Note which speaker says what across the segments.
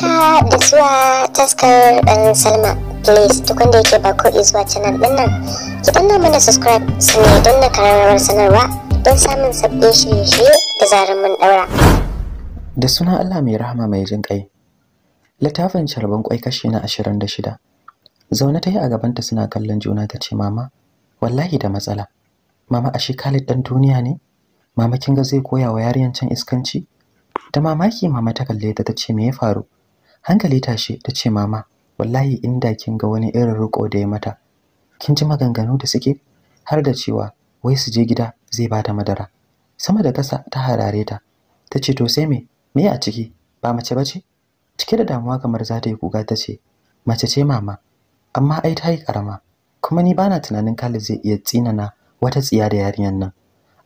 Speaker 1: haka da zuwa taskar dan salma please duk wanda yake ba ko zuwa canal din nan ki danna mana subscribe su ne don na kararrawar sanarwa don samun sabbin shirye-shirye da zarar mun daura da suna allah mai rahama mai jin kai littafin charban kwai kashi na ashirin da shida zaune ta yi a gabanta suna kallon juna ta ce mama wallahi da matsala mama ashe khalid dan duniya ne mama kin ga zai koya wa yariyan can iskanci da mamaki mama ta kalle ta ce me ya faru hankali tashi ta ce mama wallahi inda kin ga wani irin riko da ya mata kin ji maganganu da suke har da cewa wai su je gida zai bata madara sama da kasa ta harare ta ta ce to sai me me a ciki ba mace ba ce? cike da damuwa kamar za ta yi kuka ta ce mace ce mama amma ai ta yi karama kuma ni bana tunanin Khalid zai iya tsinana wata tsiya da yarinyar nan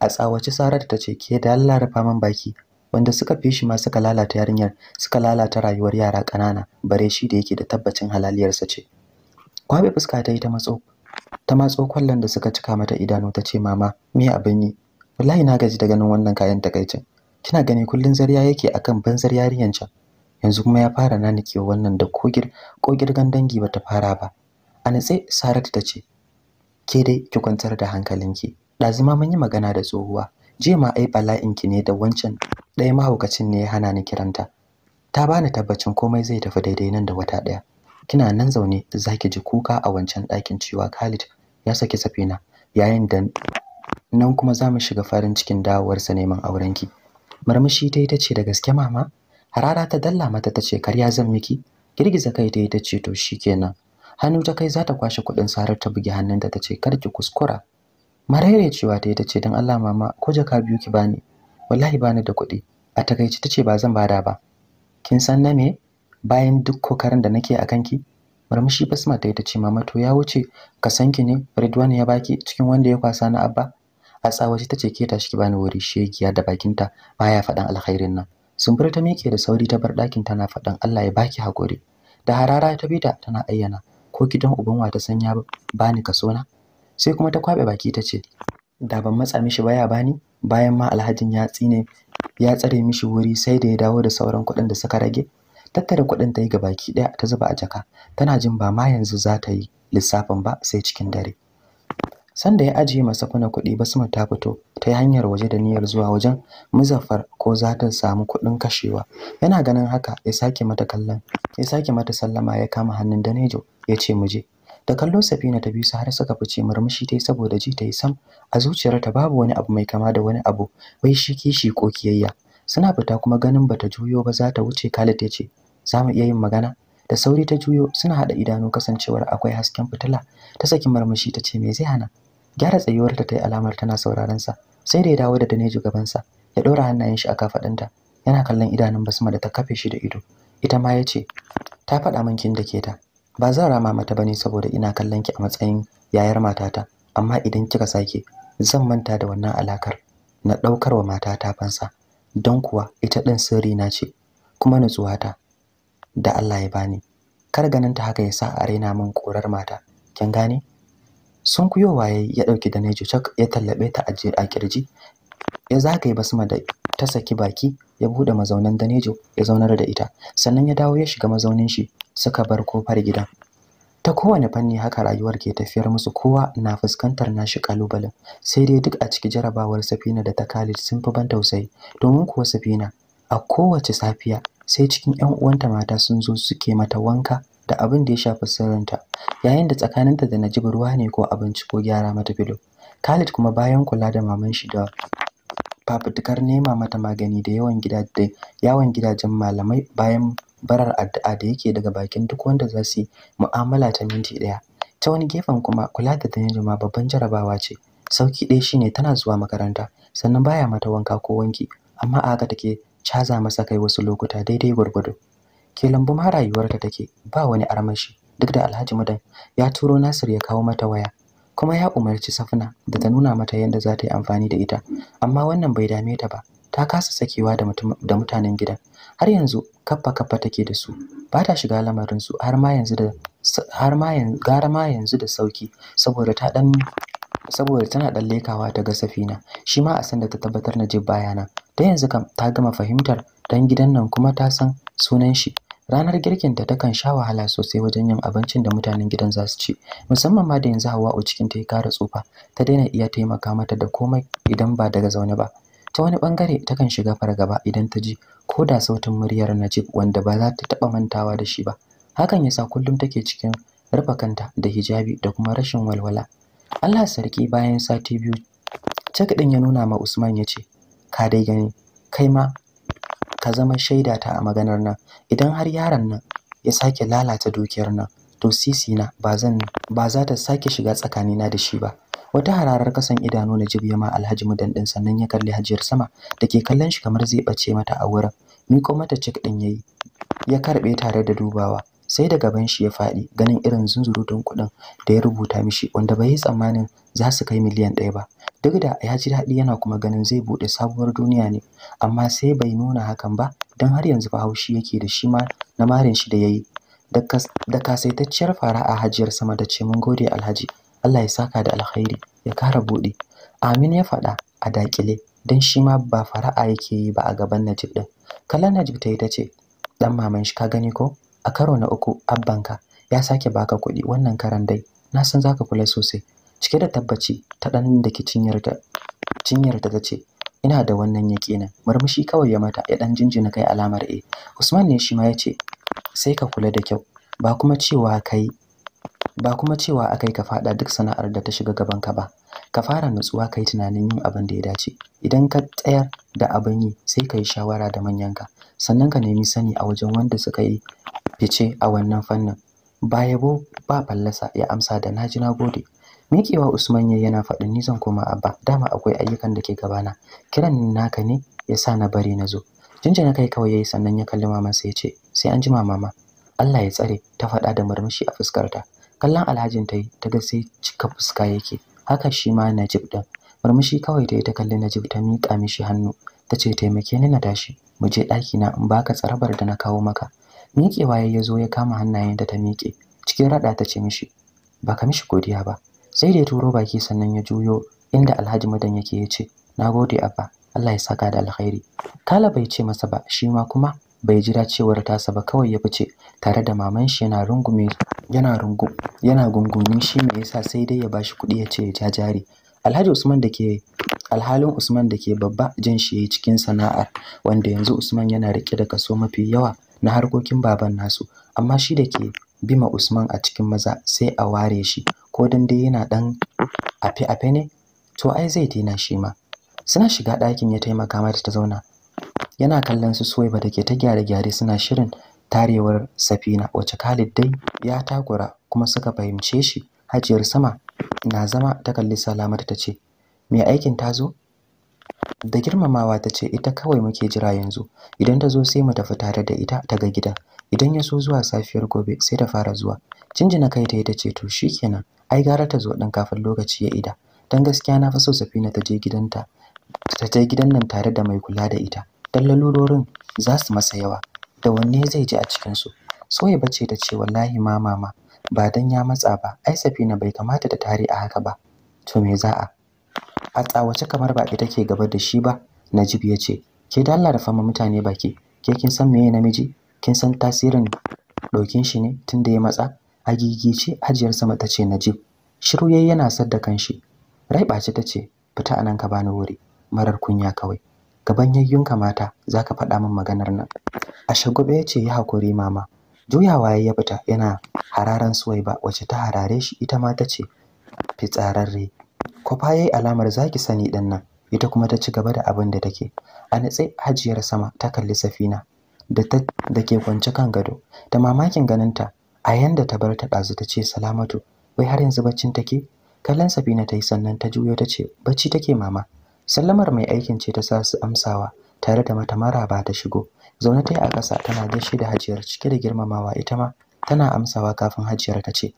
Speaker 1: a tsawace sarar ta ce ke da Allah rufa min baki wanda suka fi shi ma suka lalata yarinyar suka lalata rayuwar yara ƙanana bare shi da yake da tabbacin halaliyarsa ce kwabe fuska ta yi ta matso ta matso kwallon da suka cika mata idanu ta ce mama me abin yi wallahi na gaji da ganin wannan kayan takaicin kina gani kullun zariya yake akan banzar yarinyar can yanzu kuma ya fara nanikewa wannan da kogir kogirgan dangi bata fara ba a natse saratu ta ce ke dai ki kwantar da hankalinki ɗazuma mun yi magana da tsohuwa jiya ma ai bala'in ki ne da wancan ɗaya mahaukacin ne ya hana ni kiranta ta bani tabbacin komai zai tafi daidai nan da wata ɗaya kina nan zaune zaki ji kuka a wancan ɗakin cewa Khalid ya saki safina yayin da nan kuma za mu shiga farin cikin dawowarsa neman aurenki ki ta yi ta ce da gaske mama harara ta dalla mata ta ce karya zan miki girgiza kai ta yi ta ce to shikenan hannu ta kai za ta kwashe kuɗin sarar ta bugi hannunta ta ce kar ki kuskura marere cewa ta yi ta ce don Allah mama ko jaka biyu ki bani wallahi bani da kuɗi a takaici ta ce ba zan bada ba kin san na me bayan duk kokarin da nake a kanki murmushi basma ta yi ta ce mama to ya wuce ka san ki ne Ridwan ya baki cikin wanda ya kwasa na abba a tsawace ta ce ke tashi ki bani wuri shegiya da bakinta baya faɗan alkhairin nan sumbur ta miƙe da sauri ta bar ɗakin tana faɗan Allah ya baki hakuri da harara ta bi ta tana ayyana ko gidan uban wa ta san ya bani kaso na sai kuma ta kwabe baki ta ce da ban matsa mishi baya bani bayan ma alhajin ya tsine ya tsare mishi wuri sai da ya dawo da sauran kuɗin da suka rage tattara kuɗin ta yi baki ɗaya ta zuba a jaka tana jin ba ma yanzu za ta yi lissafin ba sai cikin dare sanda ya ajiye masafuna kuɗi basma ta fito ta yi hanyar waje da niyyar zuwa wajen muzaffar ko za ta samu kuɗin kashewa yana ganin haka ya sake mata kallon ya sake mata sallama ya kama hannun danejo ya ce mu je da kallo Safina ta biyu su har suka fice murmushi ta yi saboda ji ta yi sam a zuciyarta babu wani abu mai kama da wani abu bai shi kishi ko kiyayya suna fita kuma ganin bata juyo ba za ta wuce Khalid ya ce za mu iya yin magana da sauri ta juyo suna haɗa idanu kasancewar akwai hasken fitila ta saki murmushi ta ce me zai hana gyara tsayuwarta ta yi alamar tana sauraron sa sai da ya dawo da daneji gabansa ya ɗora hannayen shi a kafaɗinta yana kallon idanun basma da ta kafe shi da ido ita ma ya ce ta faɗa min kin da ke ta ba zan rama mata bane saboda ina kallon ki a matsayin yayar matata amma idan kika sake zan manta da wannan alakar na daukar wa matata fansa don kuwa ita din sirri na ce kuma nutsuwa ta, da Allah ya bani kar ganin ta haka yasa a raina min korar mata kin gane sun kuyo waye ya dauki da Nejo ya tallabe ta a kirji ya zagaye basma da ta saki baki ya bude mazaunan Danejo ya zaunar da ita sannan ya dawo ya shiga mazaunin shi suka bar kofar gidan ta kowane fanni haka rayuwar ke tafiyar musu kowa na fuskantar nashi kalubalen sai dai duk a ciki jarabawar safina da ta khalid sun fi ban tausayi domin kuwa safina a kowace safiya sai cikin yan uwanta mata sun zo suke mata wanka da abin da ya shafi sirrinta yayin da tsakaninta da najib ruwa ne ko abinci ko gyara mata filo khalid kuma bayan kula da maman shi da fafutukar nema mata magani da yawan gidajen malamai bayan barar addu'a da yake daga bakin duk wanda za su yi mu'amala ta minti ɗaya ta wani gefen kuma kula da Tanajin ma babban jarabawa ce sauki ɗaya shine tana zuwa makaranta sannan baya mata wanka ko wanki amma a haka take caza masa kai wasu lokuta daidai gwargwado ke lambu ma rayuwarta take ba wani armashi duk da Alhaji Madan ya turo Nasir ya kawo mata waya kuma ya umarci Safna da ta nuna mata yadda za ta yi amfani da ita amma wannan bai dame ta ba ta kasa sakewa da da mutanen gidan har yanzu kaffa kaffa take da su ba ta shiga lamarin su har ma yanzu da har ma yanzu gara ma yanzu da sauki saboda ta dan saboda tana dan lekawa ta ga safina shi ma a san da ta tabbatar na jib bayana da yanzu kam ta gama fahimtar dan gidan nan kuma ta san sunan shi ranar girkin ta takan sha wahala sosai wajen yin abincin da mutanen gidan za su ci musamman ma da yanzu hawa cikin ta ya kara tsufa ta daina iya taimaka mata da komai idan ba daga zaune ba ta wani bangare takan shiga fargaba idan ta ji ko da sautin muryar Najib wanda ba za ta taba mantawa da shi ba hakan yasa kullum take cikin rufe kanta da hijabi da kuma rashin walwala Allah sarki bayan sati biyu cak din ya nuna ma Usman ya ce ka dai gani kai ma ka zama shaida ta a maganar nan idan har yaron nan ya sake lalata dukiyar nan to sisi na ba zan ba za ta sake shiga tsakanina da shi ba wata hararar kasan idanu na jibiya ma alhaji mudan din sannan ya kalli hajiyar sama da ke kallon shi kamar zai bace mata a wurin miko mata cik din yayi ya karɓe tare da dubawa sai da gaban shi ya faɗi ganin irin zunzurutun kuɗin da ya rubuta mishi wanda bai yi tsammanin za su kai miliyan ɗaya ba duk da ya ji daɗi yana kuma ganin zai buɗe sabuwar duniya ne amma sai bai nuna hakan ba don har yanzu haushi yake da shi ma na marin shi da ya yi da kasaitacciyar fara a hajiyar sama da ce mun gode alhaji Allah ya saka da alkhairi ya kara buɗe amin ya faɗa a dakile dan shi ma ba fara'a yake yi ba a gaban najib din Kala najib ta yi ta ce dan maman shi ka gani ko a karo na uku abbanka ya sake baka kuɗi wannan karan dai na san zaka kula sosai cike da tabbaci ta dan da cinyar ta cinyar ta ce ina da wannan yakinin murmushi kawai ya mata ya dan jinjina kai alamar e Usman ne shi ma ya sai ka kula da kyau ba kuma cewa kai ba kuma cewa akai ka fada duk sana'ar da ta shiga gaban ka ba ka fara nutsuwa kai tunanin yin abin da ya dace idan ka tsayar da abin yi sai ka yi shawara da manyanka sannan ka nemi sani a wajen wanda suka yi fice a wannan fannin ba yabo ba fallasa ya amsa da naji na gode miƙewa usman ya yana faɗin ni zan koma abba dama akwai ayyukan da ke gabana kiran naka ne ya sa na bari na zo jinjina kai kawai yayi sannan ya kalli mamansa ya ce sai an jima mama Allah ya tsare ta faɗa da murmushi a fuskarta kallon alhajin ta yi ta ga sai cika fuska yake haka shi ma Najib din murmushi kawai ta yi ta kalli Najib ta miƙa mishi hannu ta ce taimake ni na tashi mu je ɗaki na in baka tsarabar da na kawo maka miƙewa ya zo ya kama hannayen da ta miƙe cikin raɗa ta ce mishi ba ka mishi godiya ba sai da ya turo baki sannan ya juyo inda Alhaji Madan yake ya ce na gode abba Allah ya saka da alkhairi kala bai ce masa ba shi ma kuma bai jira cewar tasa ba kawai ya fice tare da maman shi yana rungume yana rungu yana gungumin shi me yasa sai dai ya bashi kuɗi ya ce ya jari Alhaji Usman da ke alhalin Usman da ke babba jin shi cikin sana'ar wanda yanzu Usman yana rike da kaso mafi yawa na harkokin baban nasu amma shi da ke bima Usman a cikin maza sai a ware shi ko dan dai yana dan afe afe ne to ai zai dina shi ma suna shiga ɗakin ya taimaka mata ta zauna yana kallon su Suwaiba da ke ta gyare-gyare suna shirin tarewar safina wacce Khalid dai ya takura kuma suka fahimce shi hajiyar sama na zama ta kalli Salamatu ta ce me aikin ta zo da girmamawa ta ce ita kawai muke jira yanzu idan ta zo sai mu tafi tare da ita ta ga gidan idan ya so zuwa safiyar gobe sai ta fara zuwa na kai ta yi ta ce to shikenan ai gara ta zo din kafin lokaci ya ida Don gaskiya na fi so safina ta je gidanta ta je gidan nan tare da mai kula da ita don lalurorin za su masa yawa da wanne zai ji a cikinsu soya bace ta ce wallahi ma mama ba don ya matsa ba ai safina bai kamata ta tare a haka ba to me za a a tsawace kamar ba ita ke gaba da shi ba najib ya ce ke da Allah da fama mutane baki ke kin san meye namiji kin san tasirin dokin shi ne tun da ya matsa a gigice hajiyar sama ta ce najib shiru yayi yana sadda kanshi rai ta ce fita anan ka bani wuri marar kunya kawai gaban yayyunka mata za ka faɗa min maganar nan a shagobe ya ce yi hakuri mama juyawa ya fita yana hararan ba wacce ta harare shi ita ma ta ce fitsararre kwafa ya yi alamar zaki sani ɗin nan ita kuma ta ci gaba da abin da take a natse hajiyar sama ta kalli safina da ke kwance kan gado da mamakin ganinta a yanda ta bar ta ɗazu ta ce salamatu wai har yanzu baccin take kallon safina ta yi sannan ta juyo ta ce bacci take mama sallamar mai aikin ce ta sa su amsawa tare da mata maraba ta shigo zaune ta yi a ƙasa tana gaishe da hajiyar cike da girmamawa ita ma tana amsawa kafin hajiyar ta ce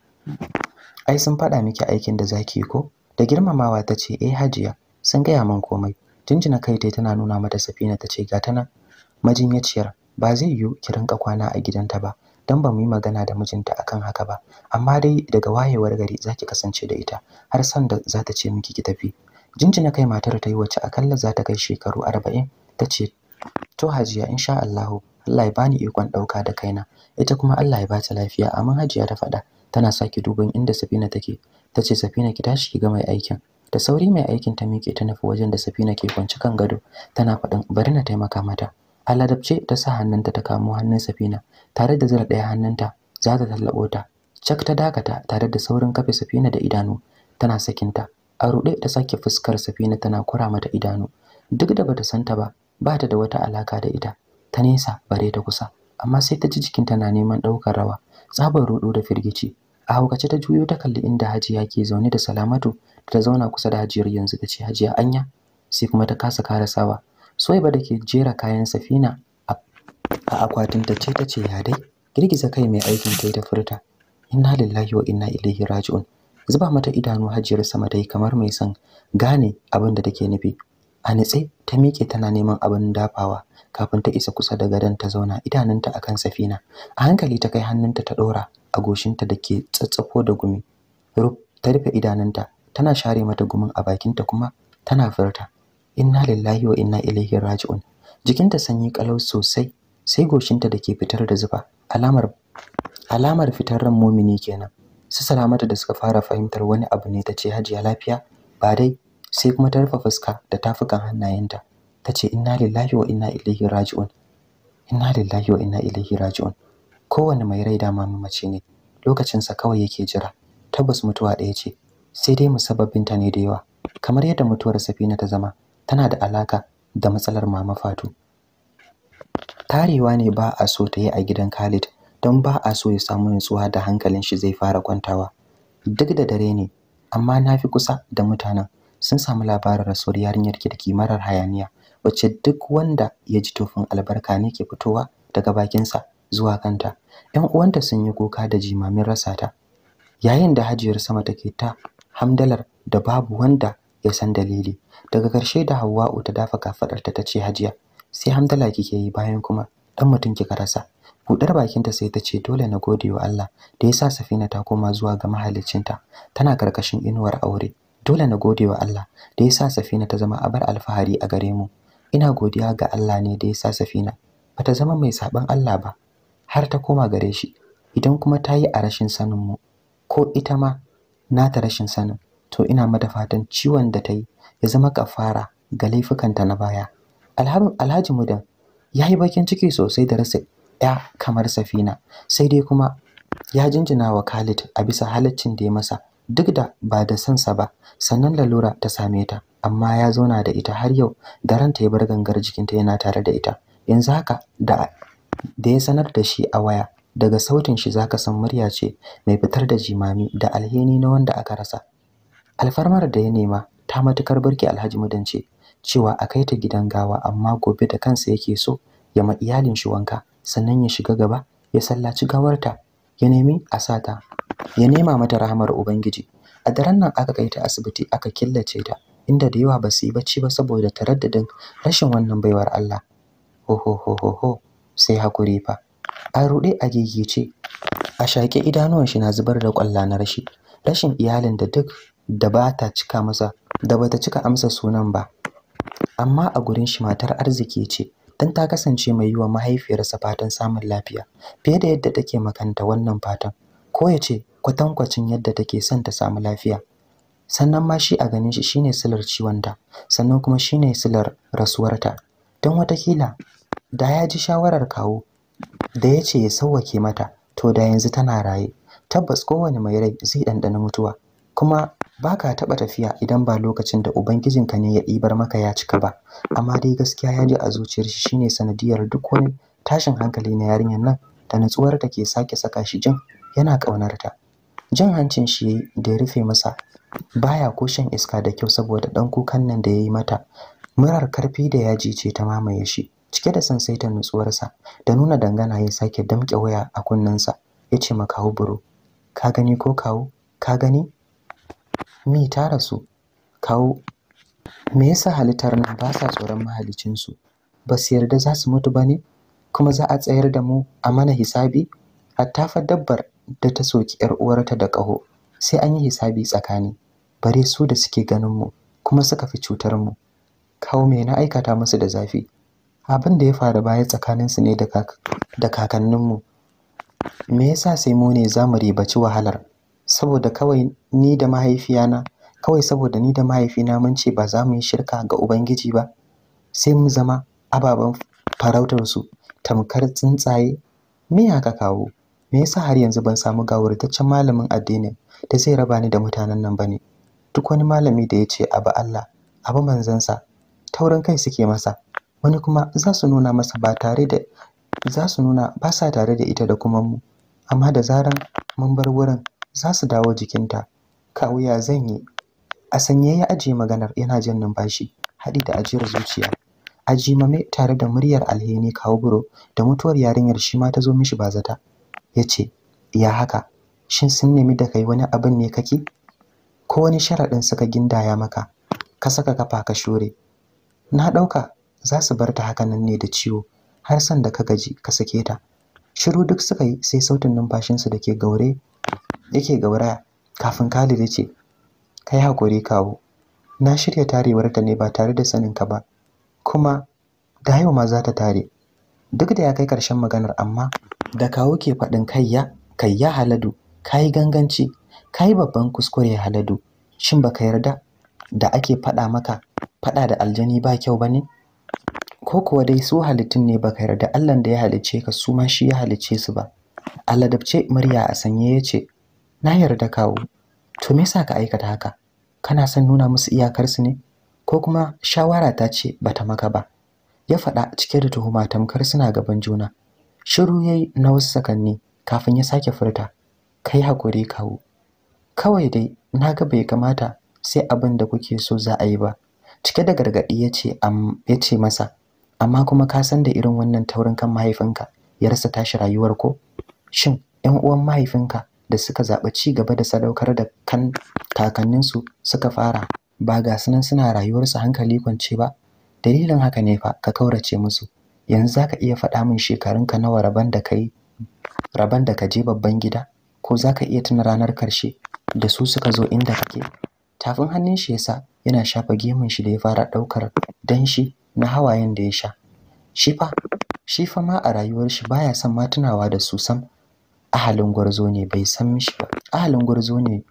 Speaker 1: ai sun faɗa miki aikin da zaki yi ko da girmamawa ta ce eh hajiya sun gaya min komai jinjina kai tai tana nuna mata safina ta ce ga ta nan majinyaciyar ba zai yiwu ki rinka kwana a gidanta ba don ba mu yi magana da mijinta akan haka ba amma dai daga wayewar gari za ki kasance da ita har san da za ta ce miki ki tafi jinjina kai matar ta yi wacce akalla za ta kai shekaru arba'in ta ce to hajiya insha Allahu Allah ya bani ikon ɗauka da kaina ita kuma Allah ya bata lafiya amma hajiya ta faɗa tana sake duban inda Safina take ta ce Safina ki tashi ki ga mai aikin da sauri mai aikin ta miƙe ta nufi wajen da Safina ke kwance kan gado tana faɗin bari na taimaka mata aladabce ta sa hannunta ta kamo hannun Safina tare da zira ɗaya hannunta za ta tallabo ta Cak ta dakata tare da saurin kafe Safina da idanu tana sakinta a ruɗe da sake fuskar Safina tana kura mata idanu duk da bata santa ba ba ta da wata alaka da ita ta nesa bare ta kusa amma sai ta ji jikinta na neman ɗaukar rawa tsabar ruɗu da firgici a haukace ta juyo ta kalli inda hajiya ke zaune da salamatu ta zauna kusa da hajiyar yanzu ta ce hajiya anya sai kuma ta kasa karasawa soyaba da ke jera kayan safina a akwatin ta ce ta ce ya dai girgiza kai mai aikin kai ta furta inna lillahi wa inna ilaihi raji'un zuba mata idanu hajiyar sama ta yi kamar mai son gane abin da take nufi a nitse ta miƙe tana neman abin dafawa kafin ta isa kusa da gadon ta zauna idanunta a kan safina a hankali ta kai hannunta ta ɗora a goshinta da ke tsatsafo da gumi ta rufe idanunta tana share mata gumin a bakinta kuma tana furta inna lillahi wa inna ilaihi raji'un jikinta sanyi kalau sosai sai goshinta da ke fitar da zufa alamar alamar fitar ran mumini kenan su salamata da suka fara fahimtar wani abu ne ta ce hajiya lafiya ba dai sai kuma ta rufe fuska da tafukan hannayenta ta ce inna lillahi wa inna ilaihi raji'un inna lillahi wa inna ilaihi raji'un kowanne mai rai dama mace ne lokacinsa kawai yake jira tabbas mutuwa ɗaya ce sai dai ta ne da yawa kamar yadda mutuwar safina ta zama tana da alaka da matsalar mama fatu tarewa ne ba a so ta yi a gidan khalid don ba a so ya samu nutsuwa da hankalin shi zai fara kwantawa duk da dare ne amma na fi kusa da mutanen sun samu labarin rasuwar yarinyar kirki marar hayaniya wacce duk wanda ya ji tofin albarka ne ke fitowa daga bakinsa zuwa kanta yan uwanta sun yi kuka da jimamin rasa ta yayin da hajiyar sama take ta hamdalar da babu wanda ya san dalili daga ƙarshe da hawa'u ta dafa kafaɗarta ta ce hajiya sai hamdala kike yi bayan kuma ɗan mutum kika rasa Buɗar bakinta sai ta ce dole na gode wa Allah da ya sa Safina ta koma zuwa ga mahaliccinta tana karkashin inuwar aure. Dole na gode wa Allah da ya sa Safina ta zama abar alfahari a gare mu. Ina godiya ga Allah ne da ya sa Safina ba ta zama mai sabon Allah ba har ta koma gare shi. Idan kuma ta yi a rashin sanin mu ko ita ma nata rashin sanin to ina mada fatan ciwon da ta yi ya zama kafara ga laifukanta na baya. Alhaji Mudan ya yi bakin ciki sosai da rasa ya kamar safina sai dai kuma ya jinjina wa Khalid a bisa halaccin da ya masa duk da ba da sansa ba sannan lalura ta same ta amma ya zauna da ita har yau da ranta ya bar gangar jikinta yana tare da ita yanzu haka da da ya sanar da shi a waya daga sautin shi zaka san murya ce mai fitar da jimami da alheni na wanda aka rasa alfarmar da ya nema ta matukar burki Alhaji Mudan cewa a kai ta gidan gawa amma gobe da kansa yake so ya ma iyalin shi wanka sannan ya shiga gaba ya sallaci gawarta ya nemi a sata ya nema mata rahamar ubangiji a daren nan aka kai ta asibiti aka killace ta inda da yawa ba su yi bacci ba saboda taraddadin rashin wannan baiwar Allah ho ho ho ho ho sai hakuri fa a ruɗe a gigice a shaƙe idanuwan shi na zubar da ƙwalla na rashi rashin iyalin da duk da ba ta cika masa da bata cika amsa sunan ba amma a gurin shi matar arziki ce don ta kasance mai yiwa mahaifiyarsa fatan samun lafiya fiye da yadda take makanta wannan fatan ko ya ce kwatankwacin yadda take son ta samu lafiya sannan ma shi a ganin shi shine silar ciwon da sannan kuma shine silar rasuwarta don watakila da ya ji shawarar kawo da ya ce ya sauwake mata to da yanzu tana raye tabbas kowane mai rai zai ɗanɗana mutuwa kuma ba ka taɓa tafiya idan ba lokacin da ubangijinka ne ya ɗibar maka ya cika ba amma dai gaskiya ya ji a zuciyar shi shine sanadiyar duk wani tashin hankali na yarinyar nan da natsuwar da ke sake saka shi jin yana ƙaunar ta jin hancin shi da ya rufe masa baya ko shan iska da kyau saboda ɗan kukan nan da ya yi mata murar karfi da yaji ce ta mamaye shi cike da sansaita nutsuwarsa da nuna dangana ya sake damƙe waya a kunnensa ya ce ma kawo buro ka gani ko kawo ka gani mi ta rasu kawo me yasa halittar nan ba sa tsoron su? ba su yarda za su mutu ba ne kuma za a tsayar da mu a mana hisabi hatta fa dabbar da ta soki yar uwarta da kaho, sai an yi hisabi tsakani bare su da suke ganin mu kuma suka fi cutar mu kawo me na aikata musu da zafi abin da ya faru baya tsakaninsu ne da kakanninmu me yasa sai mu ne za mu ribaci wahalar saboda kawai ni da mahaifiyana kawai saboda ni da mahaifina mun ce ba za mu yi shirka ga ubangiji ba sai mu zama ababen farautar su tamkar tsuntsaye me haka kawo me yasa har yanzu ban samu gawurtaccen malamin addinin da zai raba ni da mutanen nan bane duk wani malami da ya ce abu Allah abu manzansa taurin kai suke masa wani kuma za su nuna masa ba tare da za su nuna ba sa tare da ita da kuma mu amma da zaran mun bar wurin za su dawo jikinta kawu ya zan yi a sanye ya aje maganar yana jin numfashi haɗi da ajiyar zuciya ajimame tare da muryar alheni kawo buro da mutuwar yarinyar shi ma ta zo mishi bazata ya ce ya haka shin sun nemi da kai wani abin ne kake ko wani sharaɗin suka gindaya maka ka saka kafa ka shore na ɗauka za su bar ta haka nan ne da ciwo har san da ka gaji ka sake ta shiru duk suka yi sai sautin numfashinsu da ke gaure yake gaura kafin Khalid ya ce kai hakuri kawo na shirya tarewar ta ne ba tare da sanin ka ba kuma da yau ma za ta tare duk da ya kai karshen maganar amma da kawo ke faɗin kayya ya haladu kayi ganganci kayi babban kuskure haladu shin baka yarda da ake faɗa maka faɗa da aljani ba kyau bane ko kuwa dai su halittun ne baka yarda Allah da ya halicce ka su ma shi ya halicce su ba aladabce murya a sanye ya ce. na yarda kawo to me yasa ka aikata haka kana son nuna musu iyakarsu ne ko kuma shawara ta ce bata maka ba ya faɗa cike da tuhuma tamkar suna gaban juna shiru yayi na wasu sakanni kafin ya sake furta kai hakuri kawo kawai dai na ga bai kamata sai abin da kuke so za a yi ba cike da gargaɗi ya ce masa amma kuma ka san da irin wannan taurin kan mahaifinka ya rasa tashi rayuwar ko shin 'yan uwan mahaifinka da suka zaɓa ci gaba da sadaukar da kan kakanninsu suka fara ba ga sunan suna rayuwarsu hankali kwance ba dalilin haka ne fa ka kaurace musu yanzu zaka iya faɗa min shekarunka nawa raban da kai raban da ka je babban gida ko zaka iya tuna ranar karshe da su suka zo inda kake tafin hannun shi yasa yana shafa gemun shi da ya fara ɗaukar danshi na hawayen da ya sha shi fa shi fa ma a rayuwar shi baya son ma tunawa da su sam ahalin gwarzo ne bai san mishi ba ahalin gwarzo ne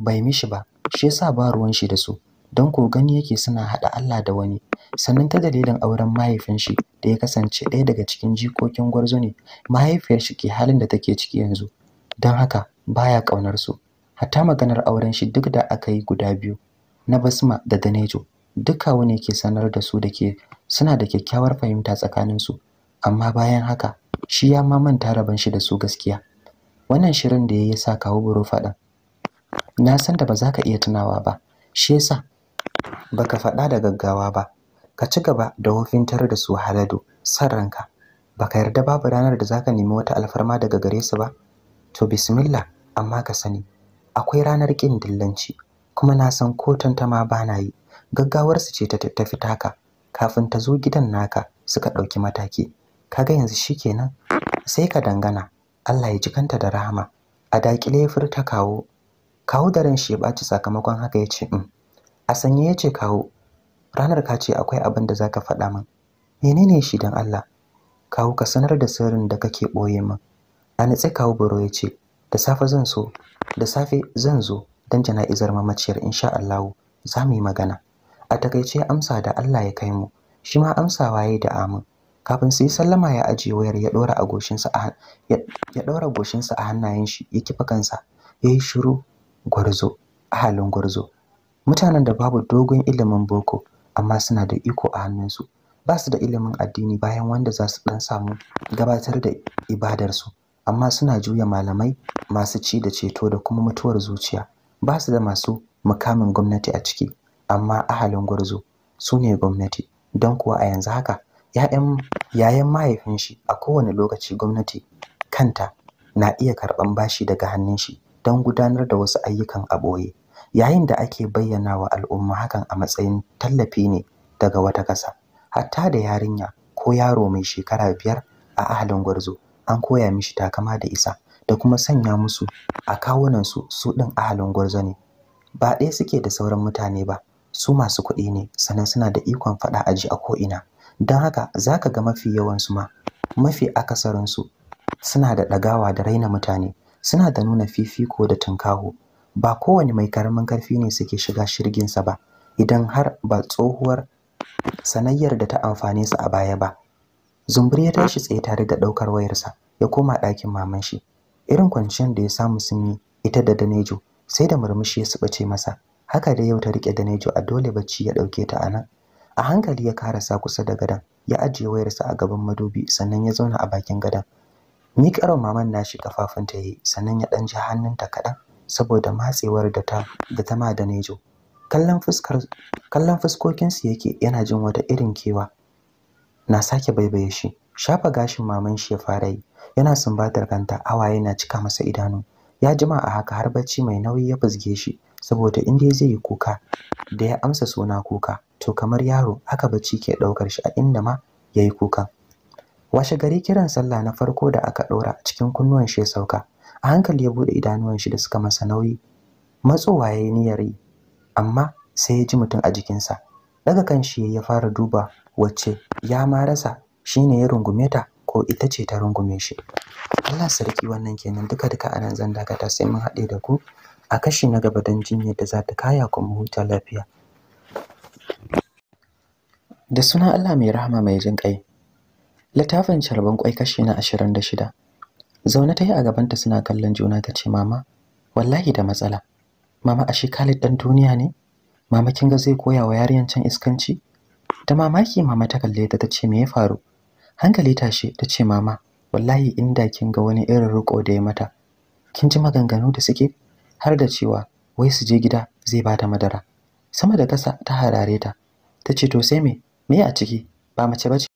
Speaker 1: bai mishi ba shi yasa ba ruwan shi da su don ko gani yake suna haɗa Allah da wani sannan ta dalilin auren mahaifin shi da ya kasance ɗaya daga cikin jikokin gwarzo ne mahaifiyar shi ke halin da take ciki yanzu don haka baya ƙaunar su hatta maganar auren shi duk da aka yi guda biyu na basma da danejo duka wani ke sanar da su da ke suna da kyakkyawar fahimta tsakaninsu amma bayan haka shi ya ma manta rabon shi da su gaskiya wannan shirin da yayi sa kawo buru faɗa na san da ba za ka iya tunawa ba shi yasa baka faɗa da gaggawa ba ka ci gaba da wofintar da su haladu san ranka baka yarda babu ranar da zaka nemi wata alfarma daga gare su ba to bismillah amma ka sani akwai ranar kin dillanci kuma na san ko tantama ba na yi gaggawar su ce ta tafi taka kafin ta zo gidan naka suka ɗauki mataki kaga yanzu shikenan sai ka dangana Allah ya jikanta da rahama a dakile ya furta kawo kawo da ran shi ya baci sakamakon haka ya ce mm, a sanye ya ce kawo ranar ka ce akwai abin da zaka faɗa min menene shi dan Allah kawo ka sanar da sirrin da kake ɓoye min a nitsi kawo buro ya ce da safe zan so da safe zan zo dan jana'izar mamaciyar insha Allah za mu yi magana a takaice amsa da Allah ya kai mu shi ma amsawa yayi da amin kafin su sallama ya ajiye wayar ya ɗora a ya ɗora goshinsa a hannayen shi ya kifa kansa ya yi shiru gwarzo a halin gwarzo mutanen da babu dogon ilimin boko amma suna da iko a hannunsu ba su da ilimin addini bayan wanda za su dan samu gabatar da ibadarsu amma suna juya malamai masu ci da ceto da kuma mutuwar zuciya ba su da masu mukamin gwamnati a ciki amma ahalin gwarzo su ne gwamnati don kuwa a yanzu haka ‘ya'yan yayan mahaifin shi a kowane lokaci gwamnati kanta na iya karɓan bashi daga hannun shi don gudanar da wasu ayyukan a ɓoye yayin da ake bayyana wa al'umma hakan a matsayin tallafi ne daga wata ƙasa hatta da yarinya ko yaro mai shekara biyar a ahalin gwarzo an koya mishi takama da isa da kuma sanya musu a kawunansu su ɗin ahalin gwarzo ne ba ɗaya suke da sauran mutane ba su masu kuɗi ne sannan suna da ikon faɗa aji a ko'ina don haka za ka ga mafi yawansu ma mafi akasarinsu suna da ɗagawa da raina mutane suna da nuna fifiko da tunkaho ba kowane mai karamin karfi ne suke shiga shirginsa ba idan har ba tsohuwar sanayyar da ta amfane su a baya ba zumburi ya tashi tsaye tare da ɗaukar wayarsa ya koma ɗakin maman shi irin kwanciyar da ya samu sun yi ita da danejo sai da murmushi ya subace masa haka da yau ta rike danejo a dole bacci ya ɗauke ta a nan a hankali ya karasa kusa da gadon ya ajiye wayarsa a gaban madobi sannan ya zauna a bakin gadon miƙarwa maman nashi ta yayi sannan ya ɗan hannunta kaɗan saboda matsewar da ta da ta ma da nejo kallon fuskar kallon fuskokinsu yake yana jin wata irin kewa na sake baibaye shi shafa gashin maman shi ya fara yi yana sumbatar kanta hawaye na cika masa idanu ya jima a haka har bacci mai nauyi ya fusge shi saboda in zai yi kuka da ya amsa suna kuka to kamar yaro haka bacci ke ɗaukar shi a inda ma ya yi kuka washe gari kiran sallah na farko da aka ɗora cikin kunnuwan shi ya sauka a hankali ya buɗe idanuwan shi da suka masa nauyi matsowa ya yi niyyar yi amma sai ya ji mutum a jikinsa daga kan shi ya fara duba wacce ya ma rasa Shi ne ya rungume ta ko ita ce ta rungume shi Allah sarki wannan kenan duka duka a nan zan dakata sai mun haɗe da ku a kashi na gaba don jinyar da za ta kaya kuma huta lafiya da suna Allah mai rahama mai jin ƙai littafin charban kwai kashi na 26 zaune ta yi a gabanta suna kallon juna ta ce mama wallahi da matsala mama ashe Khalid ɗan duniya ne mama kin ga zai koya wa yariyan can iskanci da mamaki mama ta kalle ta ce me ya faru hankali tashi ce mama wallahi inda kin ga wani irin riko da ya mata kin ji maganganu da suke har da cewa wai su je gida zai bata madara sama da kasa ta harare ta ta ce to sai me me a ciki ba mace bace